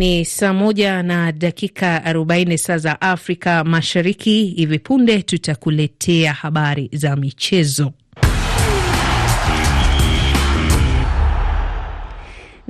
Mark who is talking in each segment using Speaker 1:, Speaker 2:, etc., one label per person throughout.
Speaker 1: Ni saa moja na dakika arobaini saa za Afrika Mashariki. Hivi punde tutakuletea habari za michezo.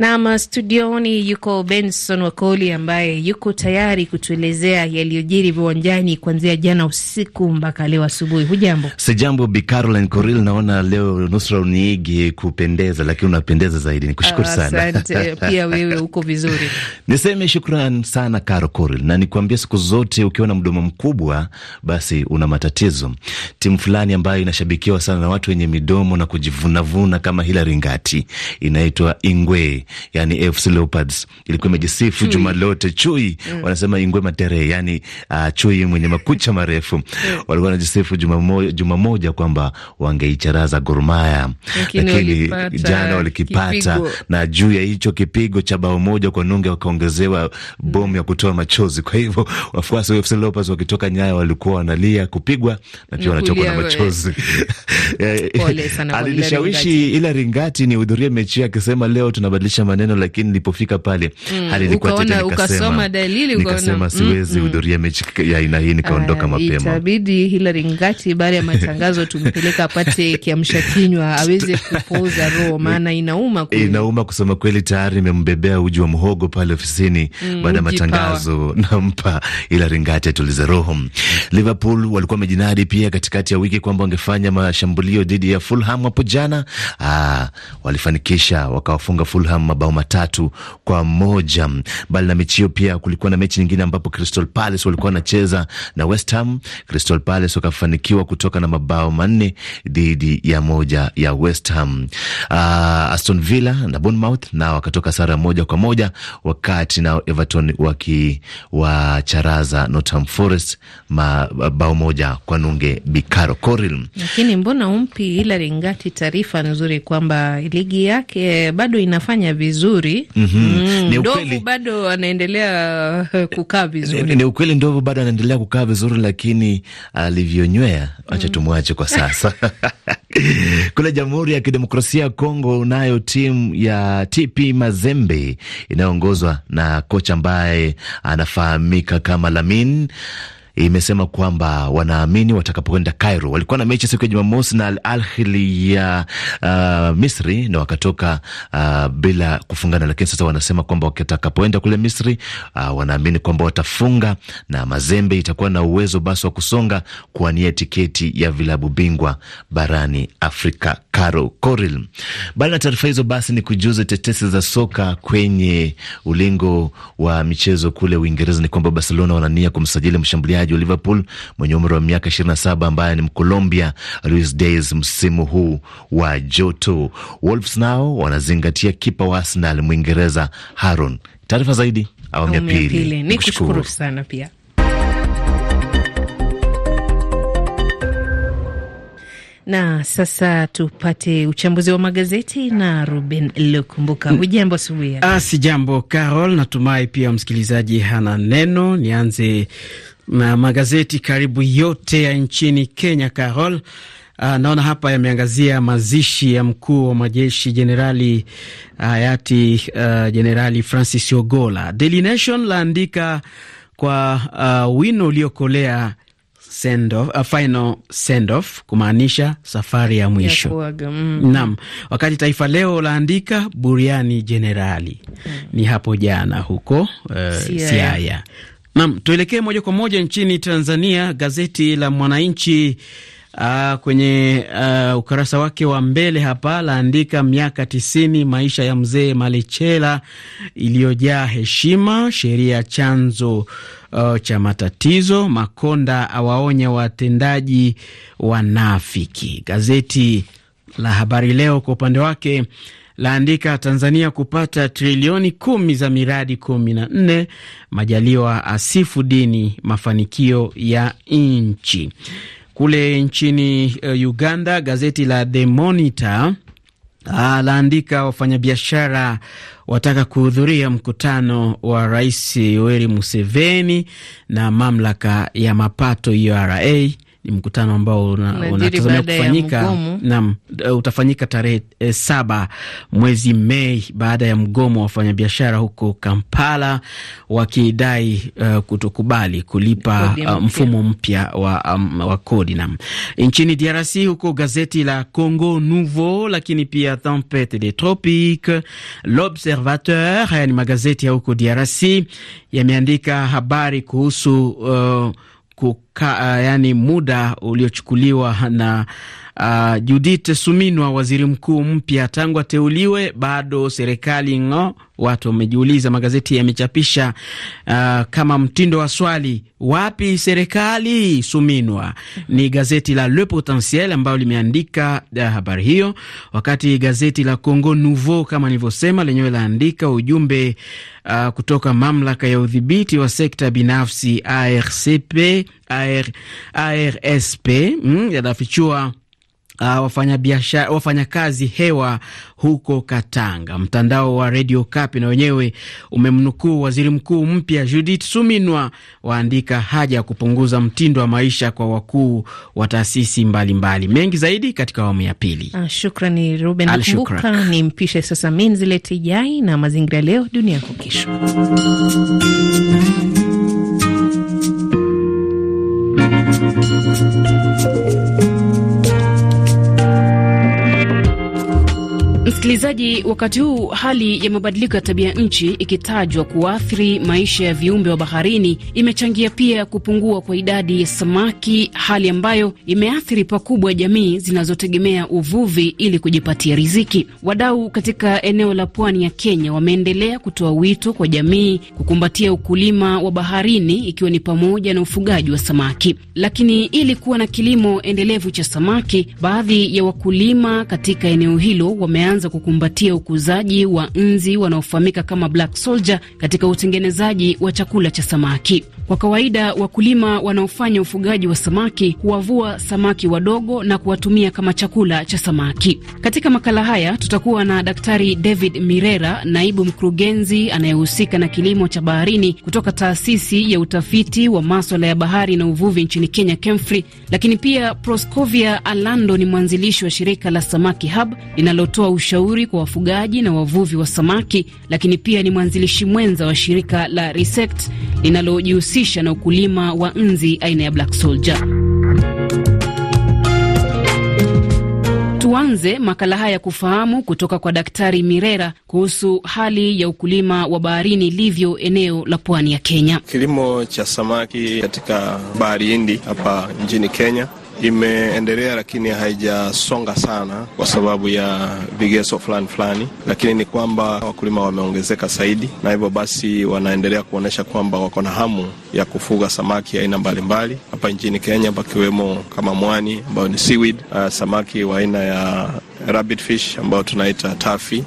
Speaker 1: Nam studioni yuko Benson Wakoli ambaye yuko tayari kutuelezea yaliyojiri viwanjani kuanzia jana usiku mpaka leo asubuhi. Hujambo?
Speaker 2: si Bi Caroline Coril, naona leo nusra uniigi kupendeza, lakini unapendeza zaidi. Ni kushukuru ah, sana asante. Pia
Speaker 1: wewe uko vizuri.
Speaker 2: Niseme shukran sana Caro Coril, na nikuambia siku zote ukiwa na mdomo mkubwa basi una matatizo. Timu fulani ambayo inashabikiwa sana na watu wenye midomo na kujivunavuna kama Hilary Ngati inaitwa Ingwe yani eh, AFC Leopards ilikuwa imejisifu juma lote chui mm. wanasema ingwe tere yani uh, chui mwenye makucha marefu mm. walikuwa wanajisifu juma, mo, juma moja kwamba wangeicharaza Gor Mahia, lakini jana walikipata Na juu ya hicho kipigo cha bao moja kwa nunge wakaongezewa bomu ya kutoa machozi. Kwa hivyo wafuasi wa AFC Leopards wakitoka Nyayo walikuwa wanalia kupigwa na pia wanachokwa na machozi eh, alinishawishi ila Ringati ni hudhurie mechi akisema leo tunabadilisha kutamka maneno, lakini nilipofika pale mm, hali ilikuwa tete, nikasema dalili, nikasema mm, siwezi mm, hudhuria mechi ya aina hii, nikaondoka mapema. Itabidi
Speaker 1: Hilary Ngati baada ya matangazo tumpeleka apate kiamsha kinywa aweze kupoza roho, maana inauma kweli,
Speaker 2: inauma kusema kweli. Tayari nimembebea uji wa mhogo pale ofisini mm, baada ya matangazo nampa Hilary Ngati atulize roho. Liverpool walikuwa wamejinadi pia katikati ya wiki kwamba wangefanya mashambulio dhidi ya Fulham hapo jana. Ah, walifanikisha wakawafunga Fulham mabao matatu kwa moja. Mbali na mechi hiyo, pia kulikuwa na mechi nyingine ambapo Crystal Palace walikuwa wanacheza na West Ham. Crystal Palace wakafanikiwa kutoka na mabao manne dhidi ya moja ya West Ham. Uh, Aston Villa na Bournemouth nao wakatoka sara moja kwa moja, wakati nao Everton wakiwacharaza Nottingham Forest mabao moja kwa nunge bikaro Coril.
Speaker 1: Lakini mbona umpi ila ringati, taarifa nzuri kwamba ligi yake eh, bado inafanya kufanya vizuri
Speaker 2: mhm. mm -hmm. mm. Ndovu
Speaker 1: bado anaendelea eh, kukaa vizuri, ni
Speaker 2: ukweli. Ndovu bado anaendelea kukaa vizuri, lakini alivyonywea, acha mm. tumwache kwa sasa. Kule Jamhuri ya Kidemokrasia ya Kongo nayo timu ya TP Mazembe inayoongozwa na kocha ambaye anafahamika kama Lamin imesema kwamba wanaamini watakapokwenda Cairo, walikuwa na mechi siku ya Jumamosi na Al Ahly ya uh, Misri na wakatoka uh, bila kufungana, lakini sasa wanasema kwamba watakapoenda kule Misri uh, wanaamini kwamba watafunga na Mazembe itakuwa na uwezo basi wa kusonga kuwania tiketi ya vilabu bingwa barani Afrika. Caro Coril, Baada ya taarifa hizo, basi ni kujuza tetesi za soka kwenye ulingo wa michezo kule Uingereza ni kwamba Barcelona wanania kumsajili mshambuliaji mchezaji wa Liverpool mwenye umri wa miaka 27 ambaye ni Mkolombia Luis Diaz msimu huu wa joto. Wolves nao wanazingatia kipa wa Arsenal Mwingereza Haron. Taarifa zaidi awamu ya pili. Ni kushukuru
Speaker 1: sana pia na sasa tupate uchambuzi wa magazeti na Ruben Lukumbuka. Hujambo hmm. asubuhi? Ah,
Speaker 3: si jambo Carol, natumai pia msikilizaji hana neno. Nianze na magazeti karibu yote ya nchini Kenya, Carol. Uh, naona hapa yameangazia mazishi ya mkuu wa majeshi jenerali ah, hayati uh, jenerali Francis Ogola. Daily Nation laandika kwa uh, wino uliokolea Send off, uh, final send off kumaanisha safari ya mwisho
Speaker 1: mm. Naam,
Speaker 3: wakati Taifa Leo laandika buriani jenerali mm. Ni hapo jana huko uh, Siaya, Siaya. Nam, tuelekee moja kwa moja nchini Tanzania. Gazeti la Mwananchi Uh, kwenye uh, ukurasa wake wa mbele hapa laandika miaka tisini maisha ya mzee Malechela iliyojaa heshima, sheria chanzo uh, cha matatizo, Makonda awaonya watendaji wanafiki. Gazeti la Habari Leo kwa upande wake laandika Tanzania kupata trilioni kumi za miradi kumi na nne. Majaliwa asifu dini mafanikio ya nchi. Kule nchini uh, Uganda gazeti la The Monitor ah, laandika wafanyabiashara wataka kuhudhuria mkutano wa Rais Yoweri Museveni na mamlaka ya mapato URA e ni mkutano ambao unatazamia kufanyika nam eh, utafanyika tarehe e, saba mwezi Mei baada ya mgomo wa wafanyabiashara huko Kampala wakidai uh, kutokubali kulipa uh, mfumo mpya wa, um, wa kodi. Nam nchini DRC huko gazeti la Congo Nouveau, lakini pia Tempete des Tropiques, L'Observateur, haya ni magazeti ya huko DRC yameandika habari kuhusu uh, kuka, yani muda uliochukuliwa na Uh, Judith Suminwa, waziri mkuu mpya tangu ateuliwe, bado serikali ng'o. Watu wamejiuliza, magazeti yamechapisha uh, kama mtindo wa swali, wapi serikali Suminwa? Ni gazeti la Le Potentiel ambayo limeandika ah, habari hiyo, wakati gazeti la Congo Nouveau kama nilivyosema, lenyewe laandika ujumbe uh, kutoka mamlaka ya udhibiti wa sekta binafsi ARCP, AR, ARSP mm, yanafichua uh, ah, wafanyabiashara wafanyakazi hewa huko Katanga. Mtandao wa Radio Kapi na wenyewe umemnukuu waziri mkuu mpya Judith Suminwa, waandika haja ya kupunguza mtindo wa maisha kwa wakuu wa taasisi mbalimbali. Mengi zaidi katika awamu ya pili.
Speaker 1: Ah, shukrani Ruben. Nakumbuka ni mpishe sasa Minzileti Jai na mazingira leo dunia yako kesho
Speaker 4: Msikilizaji, wakati huu hali ya mabadiliko ya tabia nchi ikitajwa kuathiri maisha ya viumbe wa baharini, imechangia pia kupungua kwa idadi ya samaki, hali ambayo imeathiri pakubwa jamii zinazotegemea uvuvi ili kujipatia riziki. Wadau katika eneo la pwani ya Kenya wameendelea kutoa wito kwa jamii kukumbatia ukulima wa baharini, ikiwa ni pamoja na ufugaji wa samaki. Lakini ili kuwa na kilimo endelevu cha samaki, baadhi ya wakulima katika eneo hilo wameanza kukumbatia ukuzaji wa nzi wanaofahamika kama black soldier katika utengenezaji wa chakula cha samaki. Kwa kawaida wakulima wanaofanya ufugaji wa samaki huwavua samaki wadogo na kuwatumia kama chakula cha samaki. Katika makala haya tutakuwa na Daktari David Mirera, naibu mkurugenzi anayehusika na kilimo cha baharini kutoka taasisi ya utafiti wa maswala ya bahari na uvuvi nchini Kenya, KEMFRI. Lakini pia Proscovia Alando ni mwanzilishi wa shirika la Samaki Hub linalotoa ushauri kwa wafugaji na wavuvi wa samaki, lakini pia ni mwanzilishi mwenza wa shirika la Resect linalojihusisha na ukulima wa nzi aina ya Black Soldier. Tuanze makala haya kufahamu kutoka kwa Daktari Mirera kuhusu hali ya ukulima wa baharini ilivyo eneo
Speaker 5: la pwani ya Kenya. Kilimo cha samaki katika bahari Hindi hapa nchini Kenya imeendelea, lakini haijasonga sana kwa sababu ya vigezo fulani fulani, lakini ni kwamba wakulima wameongezeka zaidi, na hivyo basi wanaendelea kuonyesha kwamba wako na hamu ya kufuga samaki aina mbalimbali hapa nchini Kenya, pakiwemo kama mwani ambayo ni seaweed, uh, samaki wa aina ya rabbit fish ambayo tunaita tafi,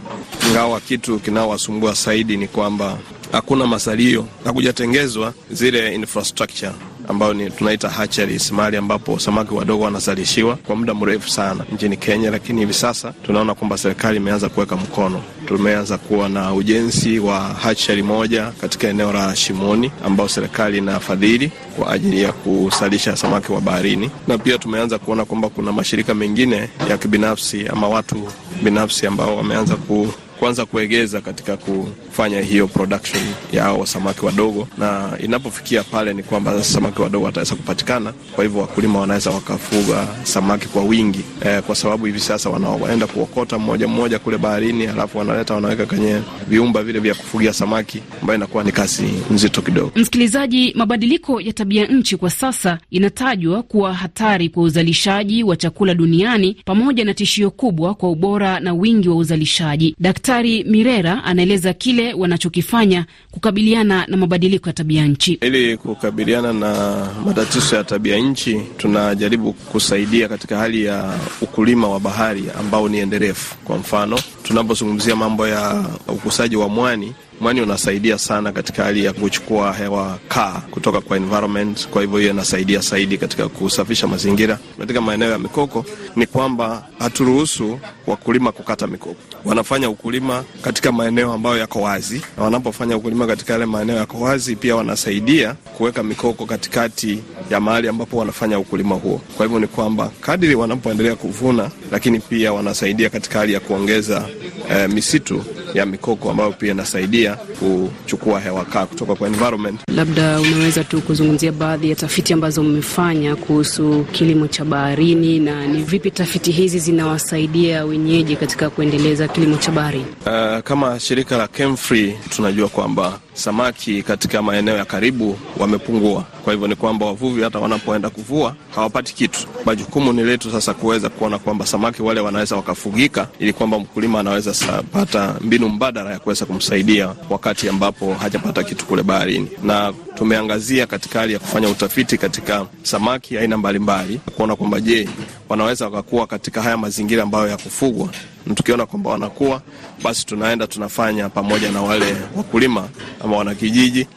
Speaker 5: ingawa kitu kinaowasumbua zaidi ni kwamba hakuna masalio na kujatengezwa zile infrastructure ambayo ni tunaita hatcheries, mahali ambapo samaki wadogo wanazalishiwa kwa muda mrefu sana nchini Kenya, lakini hivi sasa tunaona kwamba serikali imeanza kuweka mkono. Tumeanza kuwa na ujenzi wa hatchery moja katika eneo la Shimoni ambao serikali inafadhili kwa ajili ya kusalisha samaki wa baharini, na pia tumeanza kuona kwamba kuna mashirika mengine ya kibinafsi ama watu binafsi ambao wameanza ku, kuanza kuegeza katika ku kufanya hiyo production ya hao samaki wadogo, na inapofikia pale ni kwamba samaki wadogo wataweza kupatikana. Kwa hivyo wakulima wanaweza wakafuga samaki kwa wingi e, kwa sababu hivi sasa wanaenda kuokota mmoja mmoja kule baharini, alafu wanaleta wanaweka kwenye viumba vile vya kufugia samaki, ambayo inakuwa ni kazi nzito kidogo.
Speaker 4: Msikilizaji, mabadiliko ya tabia nchi kwa sasa inatajwa kuwa hatari kwa uzalishaji wa chakula duniani pamoja na tishio kubwa kwa ubora na wingi wa uzalishaji. Daktari Mirera anaeleza kile kile wanachokifanya kukabiliana na
Speaker 5: mabadiliko ya tabia nchi. Ili kukabiliana na matatizo ya tabia nchi, tunajaribu kusaidia katika hali ya ukulima wa bahari ambao ni endelevu. Kwa mfano tunapozungumzia mambo ya ukusaji wa mwani mwani unasaidia sana katika hali ya kuchukua hewa kaa kutoka kwa environment. Kwa hivyo hiyo inasaidia zaidi katika kusafisha mazingira. Katika maeneo ya mikoko ni kwamba haturuhusu wakulima kukata mikoko, wanafanya ukulima katika maeneo ambayo yako wazi, na wanapofanya ukulima katika yale maeneo yako wazi, pia wanasaidia kuweka mikoko katikati ya mahali ambapo wanafanya ukulima huo. Kwa hivyo ni kwamba kadiri wanapoendelea kuvuna, lakini pia wanasaidia katika hali ya kuongeza eh, misitu ya mikoko ambayo pia inasaidia kuchukua hewa kaa kutoka kwa environment.
Speaker 4: Labda unaweza tu kuzungumzia baadhi ya tafiti ambazo mmefanya kuhusu kilimo cha baharini na ni vipi tafiti hizi zinawasaidia wenyeji katika kuendeleza kilimo cha baharini?
Speaker 5: Uh, kama shirika la Kemfree tunajua kwamba samaki katika maeneo ya karibu wamepungua. Kwa hivyo ni kwamba wavuvi hata wanapoenda kuvua hawapati kitu. Majukumu ni letu sasa kuweza kuona kwamba samaki wale wanaweza wakafugika, ili kwamba mkulima anaweza pata mbinu mbinu mbadala ya kuweza kumsaidia wakati ambapo hajapata kitu kule baharini, na tumeangazia katika hali ya kufanya utafiti katika samaki aina mbalimbali kuona kwamba je, wanaweza wakakuwa katika haya mazingira ambayo ya kufugwa, na tukiona kwamba wanakuwa, basi tunaenda tunafanya pamoja na wale wakulima ama wanakijiji,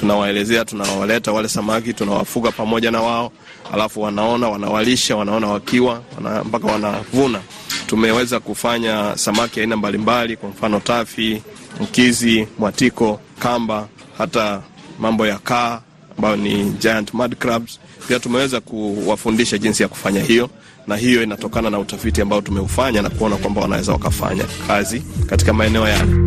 Speaker 5: tunawaelezea, tunawaleta wale samaki, tunawafuga pamoja na wao, alafu wanaona, wanawalisha, wanaona wakiwa mpaka wana, wanavuna Tumeweza kufanya samaki aina mbalimbali, kwa mfano tafi, mkizi, mwatiko, kamba, hata mambo ya kaa ambayo ni giant mud crabs. Pia tumeweza kuwafundisha jinsi ya kufanya hiyo, na hiyo inatokana na utafiti ambao tumeufanya na kuona kwamba wanaweza wakafanya kazi katika maeneo yao.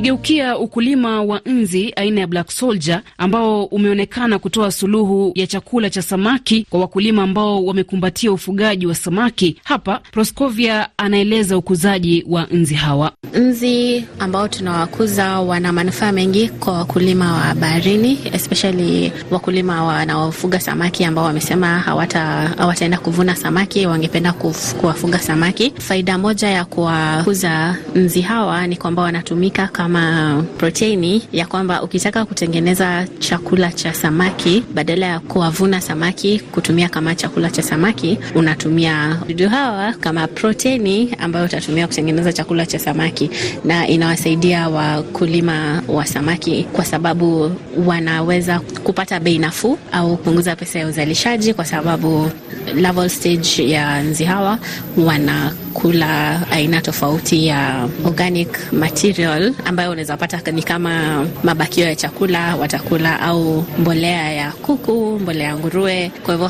Speaker 4: Tukiigeukia ukulima wa nzi aina ya black soldier ambao umeonekana kutoa suluhu ya chakula cha samaki kwa wakulima ambao wamekumbatia ufugaji wa samaki. Hapa Proskovia anaeleza ukuzaji wa nzi hawa. Nzi ambao
Speaker 6: tunawakuza wana manufaa mengi kwa wakulima wa baharini, especially wakulima wanaofuga samaki ambao wamesema hawata hawataenda kuvuna samaki, wangependa kuwafuga samaki. Faida moja ya kuwakuza nzi hawa ni kwamba wanatumika kama kama proteini ya kwamba ukitaka kutengeneza chakula cha samaki, badala ya kuwavuna samaki kutumia kama chakula cha samaki, unatumia dudu hawa kama proteini ambayo utatumia kutengeneza chakula cha samaki, na inawasaidia wakulima wa samaki kwa sababu wanaweza kupata bei nafuu au kupunguza pesa ya uzalishaji, kwa sababu larval stage ya nzi hawa wana kula aina tofauti ya organic material ambayo unaweza pata ni kama mabakio ya chakula watakula, au mbolea ya kuku, mbolea ya nguruwe. Kwa hivyo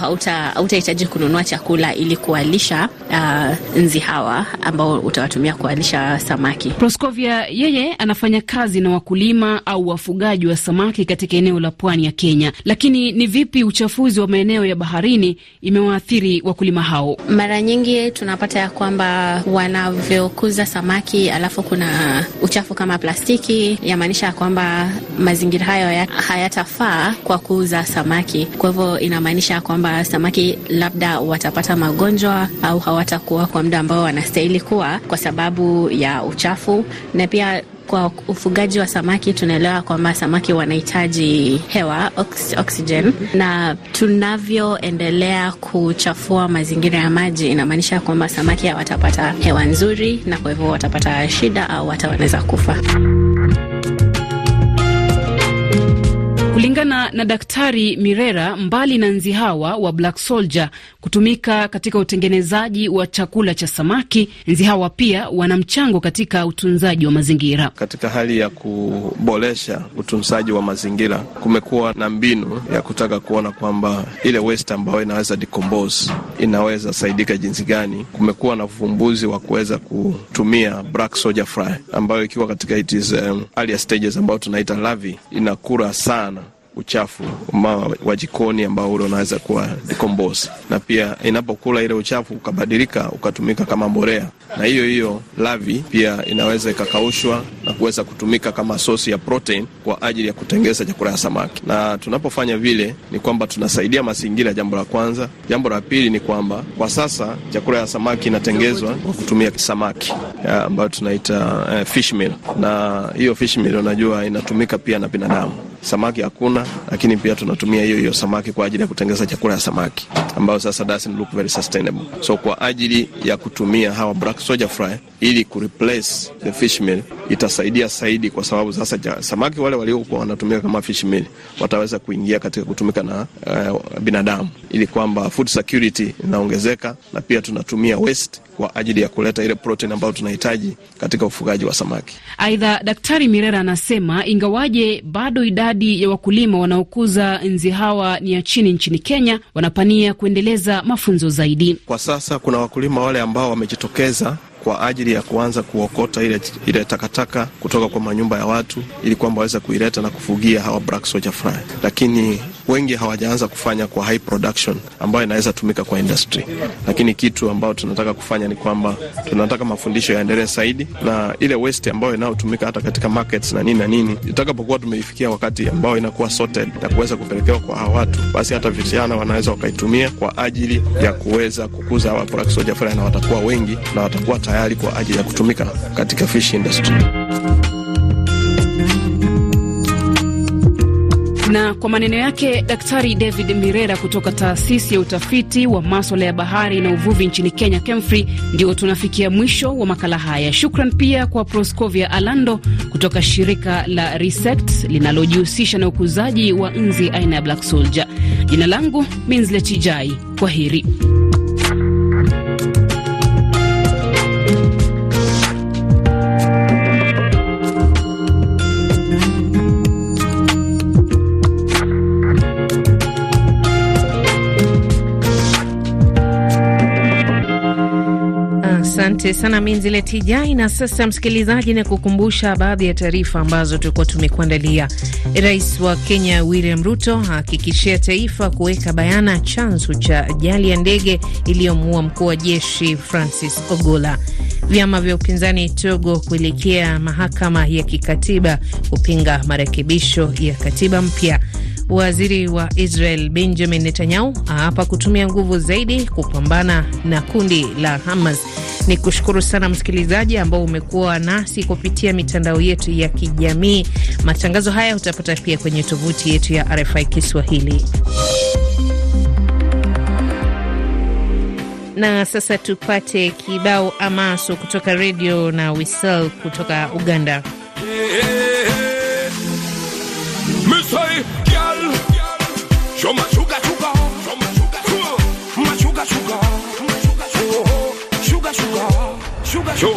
Speaker 6: hautahitaji kununua chakula ili kuwalisha uh, nzi hawa ambao utawatumia kuwalisha samaki.
Speaker 4: Proskovia yeye anafanya kazi na wakulima au wafugaji wa samaki katika eneo la pwani ya Kenya, lakini ni vipi uchafuzi wa maeneo ya baharini imewaathiri wakulima hao? Mara nyingi
Speaker 6: tunapata ya kwamba Uh, wanavyokuza samaki alafu kuna uchafu kama plastiki, yamaanisha kwamba mazingira hayo hayatafaa kwa kuuza samaki. Kwa hivyo inamaanisha ya kwamba samaki labda watapata magonjwa au hawatakuwa kwa muda ambao wanastahili kuwa kwa sababu ya uchafu na pia kwa ufugaji wa samaki tunaelewa kwamba samaki wanahitaji hewa ox oxygen, mm -hmm. na tunavyoendelea kuchafua mazingira ya maji inamaanisha kwamba samaki hawatapata hewa nzuri, na kwa hivyo watapata shida au hata wanaweza kufa.
Speaker 4: Kulingana na Daktari Mirera, mbali na nzi hawa wa black soldier kutumika katika utengenezaji wa chakula cha samaki. Nzi hawa pia wana mchango katika utunzaji wa mazingira.
Speaker 5: Katika hali ya kuboresha utunzaji wa mazingira, kumekuwa na mbinu ya kutaka kuona kwamba ile waste ambayo inaweza decompose inaweza saidika jinsi gani. Kumekuwa na uvumbuzi wa kuweza kutumia black soldier fly ambayo ikiwa katika it is, um, stages ambayo tunaita larvae inakura sana uchafu wa jikoni ambao ule unaweza kuwa decompose, na pia inapokula ile uchafu ukabadilika ukatumika kama mbolea, na hiyo hiyo lavi pia inaweza ikakaushwa na kuweza kutumika kama sosi ya protein kwa ajili ya kutengeza chakula ya samaki. Na tunapofanya vile ni kwamba tunasaidia mazingira, jambo la kwanza. Jambo la pili ni kwamba kwa sasa chakula ya samaki inatengezwa kwa kutumia samaki ambayo tunaita uh, fish meal, na hiyo fish meal unajua inatumika pia na binadamu samaki hakuna, lakini pia tunatumia hiyo hiyo samaki kwa ajili ya kutengeneza chakula ya samaki ambayo sasa doesn't look very sustainable. So kwa ajili ya kutumia hawa black soldier fry ili kureplace the fish meal itasaidia zaidi, kwa sababu sasa ja, samaki wale waliokuwa wanatumika kama fish meal wataweza kuingia katika kutumika na uh, binadamu, ili kwamba food security inaongezeka na pia tunatumia waste kwa ajili ya kuleta ile protein ambayo tunahitaji katika ufugaji wa samaki.
Speaker 4: Aidha, Daktari Mirera anasema ingawaje bado idadi ya wakulima wanaokuza nzi hawa ni ya chini nchini Kenya, wanapania kuendeleza mafunzo zaidi.
Speaker 5: Kwa sasa kuna wakulima wale ambao wamejitokeza kwa ajili ya kuanza kuokota ile, ile takataka kutoka kwa manyumba ya watu ili kwamba waweze kuileta na kufugia hawa black soldier fly, lakini wengi hawajaanza kufanya kwa high production ambayo inaweza tumika kwa industry, lakini kitu ambayo tunataka kufanya ni kwamba tunataka mafundisho yaendelee zaidi, na ile waste ambayo inayotumika hata katika markets na nini na nini, itakapokuwa tumeifikia wakati ambao inakuwa sorted na kuweza kupelekewa kwa hawa watu, basi hata vijana wanaweza wakaitumia kwa ajili ya kuweza kukuza hawa products wa Jafari, na watakuwa wengi na watakuwa tayari kwa ajili ya kutumika katika fish industry.
Speaker 4: Na kwa maneno yake Daktari David Mirera kutoka taasisi ya utafiti wa maswala ya bahari na uvuvi nchini Kenya, KEMFRI, ndio tunafikia mwisho wa makala haya. Shukran pia kwa Proscovia Alando kutoka shirika la resect linalojihusisha na ukuzaji wa nzi aina ya black soldier. Jina langu Minzletijai, kwa heri.
Speaker 1: Asante sana Minzile Tijai. Na sasa, msikilizaji, na kukumbusha baadhi ya taarifa ambazo tulikuwa tumekuandalia. Rais wa Kenya William Ruto ahakikishia taifa kuweka bayana chanzo cha ajali ya ndege iliyomuua mkuu wa jeshi Francis Ogola. Vyama vya upinzani Togo kuelekea mahakama ya kikatiba kupinga marekebisho ya katiba mpya. Waziri wa Israel Benjamin Netanyahu aapa kutumia nguvu zaidi kupambana na kundi la Hamas. Ni kushukuru sana msikilizaji ambao umekuwa nasi kupitia mitandao yetu ya kijamii. Matangazo haya utapata pia kwenye tovuti yetu ya RFI Kiswahili. Na sasa tupate kibao Amaso kutoka redio na Wisel kutoka Uganda.
Speaker 7: Hey, hey, hey. Sugar. Yo,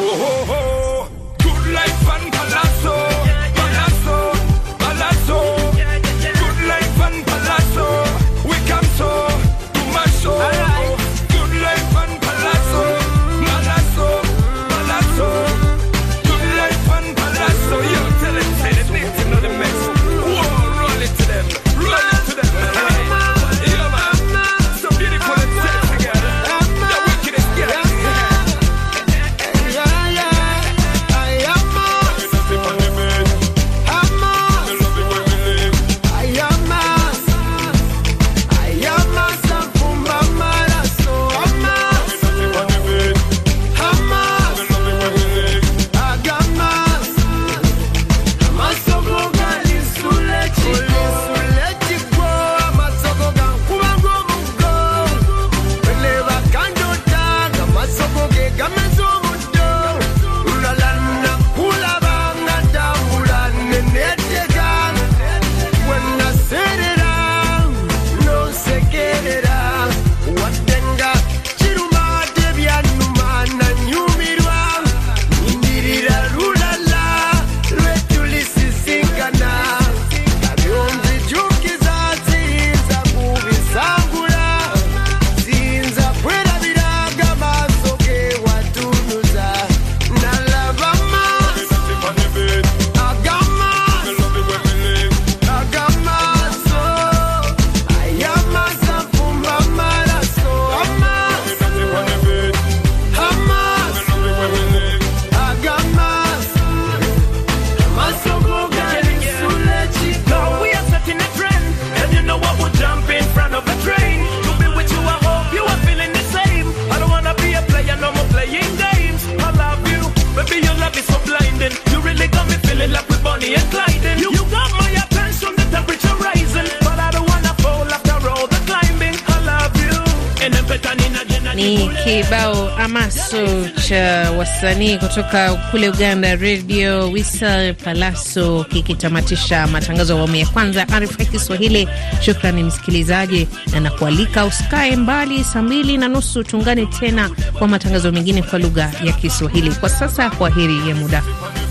Speaker 7: ni
Speaker 1: kibao amaso cha uh, wasanii kutoka kule Uganda, Radio Wisa Palaso, kikitamatisha matangazo ya awamu ya kwanza RFI Kiswahili. Shukrani msikilizaji, na nakualika usikae mbali, saa mbili na nusu tuungane tena kwa matangazo mengine kwa lugha ya Kiswahili. Kwa sasa, heri ya muda.